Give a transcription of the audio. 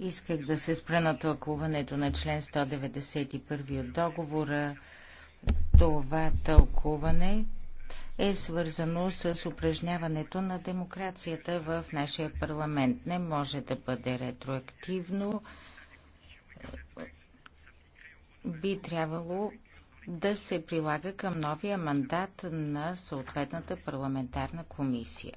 Исках да се спра на тълкуването на член 191 от договора. Това тълкуване е свързано с упражняването на демокрацията в нашия парламент. Не може да бъде ретроактивно. Би трябвало да се прилага към новия мандат на съответната парламентарна комисия.